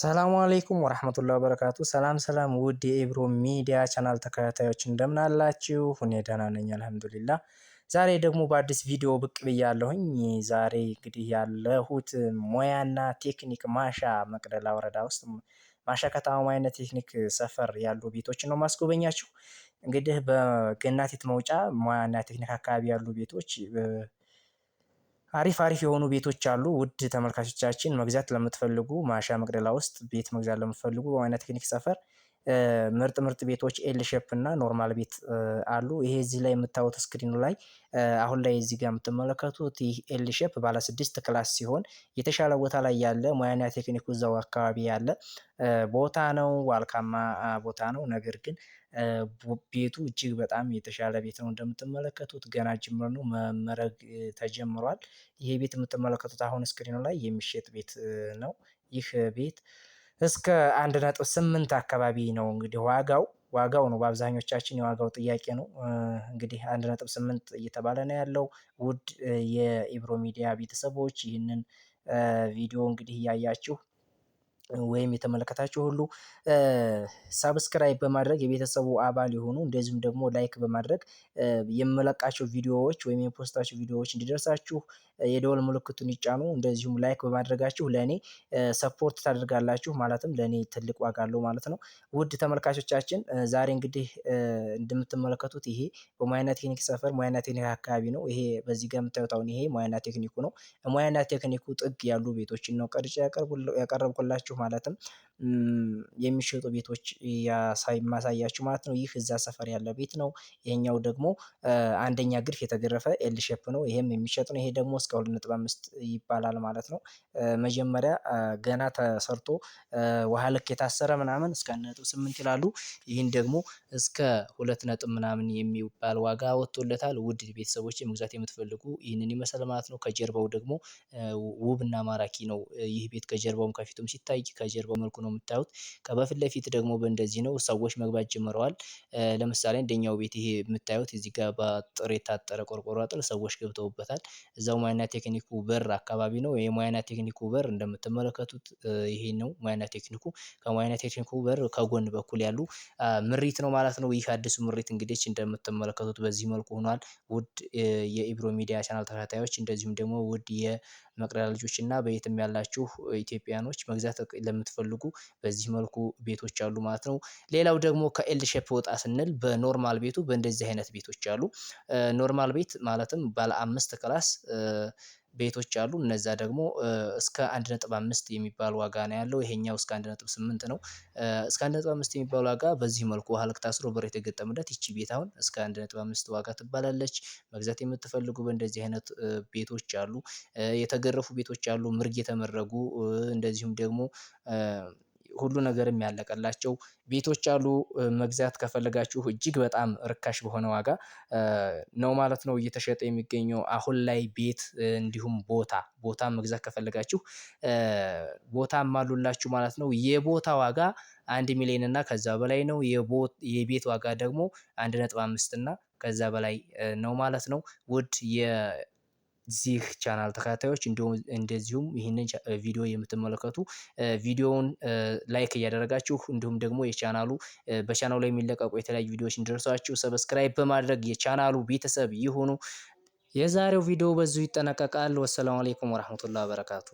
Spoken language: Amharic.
ሰላሙ አሌይኩም ወረህመቱላህ በረካቱ። ሰላም ሰላም፣ ውድ የኤብሮ ሚዲያ ቻናል ተከታታዮች እንደምን አላችሁ? እኔ ደህና ነኝ አልሐምዱሊላህ። ዛሬ ደግሞ በአዲስ ቪዲዮ ብቅ ብያለሁኝ። ዛሬ እንግዲህ ያለሁት ሙያና ቴክኒክ ማሻ መቅደላ ወረዳ ውስጥ ማሻ ከተማ ሙያና ቴክኒክ ሰፈር ያሉ ቤቶችን ነው ማስጎበኛችሁ። እንግዲህ በገናቲት መውጫ ሙያና ቴክኒክ አካባቢ ያሉ ቤቶች አሪፍ አሪፍ የሆኑ ቤቶች አሉ። ውድ ተመልካቾቻችን መግዛት ለምትፈልጉ ማሻ መቅደላ ውስጥ ቤት መግዛት ለምትፈልጉ በዋና ቴክኒክ ሰፈር ምርጥ ምርጥ ቤቶች ኤል እና ኖርማል ቤት አሉ። ይሄ እዚህ ላይ የምታዩት ስክሪኑ ላይ አሁን ላይ እዚህ ጋር የምትመለከቱት ይህ ኤል ባለስድስት ክላስ ሲሆን የተሻለ ቦታ ላይ ያለ ሙያና ቴክኒኩ እዛው አካባቢ ያለ ቦታ ነው። ዋልካማ ቦታ ነው። ነገር ግን ቤቱ እጅግ በጣም የተሻለ ቤት ነው። እንደምትመለከቱት ገና ጅምር ነው፣ መመረግ ተጀምሯል። ይሄ ቤት የምትመለከቱት አሁን ስክሪኑ ላይ የሚሸጥ ቤት ነው። ይህ ቤት እስከ አንድ ነጥብ ስምንት አካባቢ ነው እንግዲህ ዋጋው ዋጋው ነው በአብዛኞቻችን የዋጋው ጥያቄ ነው። እንግዲህ አንድ ነጥብ ስምንት እየተባለ ነው ያለው ውድ የኢብሮ ሚዲያ ቤተሰቦች ይህንን ቪዲዮ እንግዲህ እያያችሁ ወይም የተመለከታችሁ ሁሉ ሰብስክራይብ በማድረግ የቤተሰቡ አባል የሆኑ እንደዚሁም ደግሞ ላይክ በማድረግ የምለቃቸው ቪዲዮዎች ወይም የፖስታቸው ቪዲዮዎች እንዲደርሳችሁ የደወል ምልክቱን ይጫኑ። እንደዚሁም ላይክ በማድረጋችሁ ለእኔ ሰፖርት ታደርጋላችሁ፣ ማለትም ለእኔ ትልቅ ዋጋ አለው ማለት ነው። ውድ ተመልካቾቻችን ዛሬ እንግዲህ እንደምትመለከቱት ይሄ በሙያና ቴክኒክ ሰፈር ሙያና ቴክኒክ አካባቢ ነው። ይሄ በዚህ ጋር የምታዩት አሁን ይሄ ሙያና ቴክኒኩ ነው። ሙያና ቴክኒኩ ጥግ ያሉ ቤቶችን ነው ቀርጬ ያቀርብኩላችሁ ማለትም የሚሸጡ ቤቶች ማሳያችሁ ማለት ነው። ይህ እዛ ሰፈር ያለ ቤት ነው። ይሄኛው ደግሞ አንደኛ ግርፍ የተገረፈ ኤል ነው። ይሄም የሚሸጥ ነው። ይሄ ደግሞ እስከ ሁለት ነጥብ አምስት ይባላል ማለት ነው። መጀመሪያ ገና ተሰርቶ ውሃ ልክ የታሰረ ምናምን እስከ ነጥብ ስምንት ይላሉ። ይህን ደግሞ እስከ ሁለት ነጥብ ምናምን የሚባል ዋጋ ወጥቶለታል። ውድ ቤተሰቦች መግዛት የምትፈልጉ ይህንን ይመስል ማለት ነው። ከጀርባው ደግሞ ውብና ማራኪ ነው። ይህ ቤት ከጀርባውም ከፊቱም ሲታይ እንጂ ከጀርባው መልኩ ነው የምታዩት። ከበፊት ለፊት ደግሞ በእንደዚህ ነው ሰዎች መግባት ጀምረዋል። ለምሳሌ እንደኛው ቤት ይሄ የምታዩት እዚህ ጋር በአጥር የታጠረ ቆርቆሮ አጥር ሰዎች ገብተውበታል። እዛው ሙያና ቴክኒኩ በር አካባቢ ነው። የሙያና ቴክኒኩ በር እንደምትመለከቱት ይሄ ነው ሙያና ቴክኒኩ። ከሙያና ቴክኒኩ በር ከጎን በኩል ያሉ ምሪት ነው ማለት ነው። ይህ አዲሱ ምሪት እንግዲህ እንደምትመለከቱት በዚህ መልኩ ሆኗል። ውድ የኢብሮ ሚዲያ ቻናል ተከታታዮች እንደዚሁም ደግሞ ውድ መቅደላ ልጆች እና በየትም ያላችሁ ኢትዮጵያኖች መግዛት ለምትፈልጉ በዚህ መልኩ ቤቶች አሉ ማለት ነው። ሌላው ደግሞ ከኤል ሼፕ ወጣ ስንል በኖርማል ቤቱ በእንደዚህ አይነት ቤቶች አሉ። ኖርማል ቤት ማለትም ባለ አምስት ክላስ ቤቶች አሉ እነዛ ደግሞ እስከ አንድ ነጥብ አምስት የሚባል ዋጋ ነው ያለው ይሄኛው እስከ 1.8 ነው። እስከ 1.5 የሚባል ዋጋ በዚህ መልኩ ሀለቅታ ታስሮ በር የተገጠመለት ይቺ ቤት አሁን እስከ 1.5 ዋጋ ትባላለች። መግዛት የምትፈልጉ በእንደዚህ አይነት ቤቶች አሉ። የተገረፉ ቤቶች አሉ ምርግ የተመረጉ እንደዚሁም ደግሞ ሁሉ ነገር የሚያለቀላቸው ቤቶች አሉ። መግዛት ከፈለጋችሁ እጅግ በጣም ርካሽ በሆነ ዋጋ ነው ማለት ነው እየተሸጠ የሚገኘው አሁን ላይ ቤት እንዲሁም ቦታ ቦታ መግዛት ከፈለጋችሁ ቦታም አሉላችሁ ማለት ነው። የቦታ ዋጋ አንድ ሚሊዮን እና ከዛ በላይ ነው። የቤት ዋጋ ደግሞ አንድ ነጥብ አምስት እና ከዛ በላይ ነው ማለት ነው። ውድ የ ዚህ ቻናል ተከታታዮች እንደዚሁም ይህንን ቪዲዮ የምትመለከቱ ቪዲዮውን ላይክ እያደረጋችሁ እንዲሁም ደግሞ የቻናሉ በቻናሉ ላይ የሚለቀቁ የተለያዩ ቪዲዮዎች እንዲደርሷችሁ ሰብስክራይብ በማድረግ የቻናሉ ቤተሰብ ይሁኑ። የዛሬው ቪዲዮ በዚሁ ይጠናቀቃል። ወሰላሙ አሌይኩም ወረህመቱላሂ ወበረካቱ።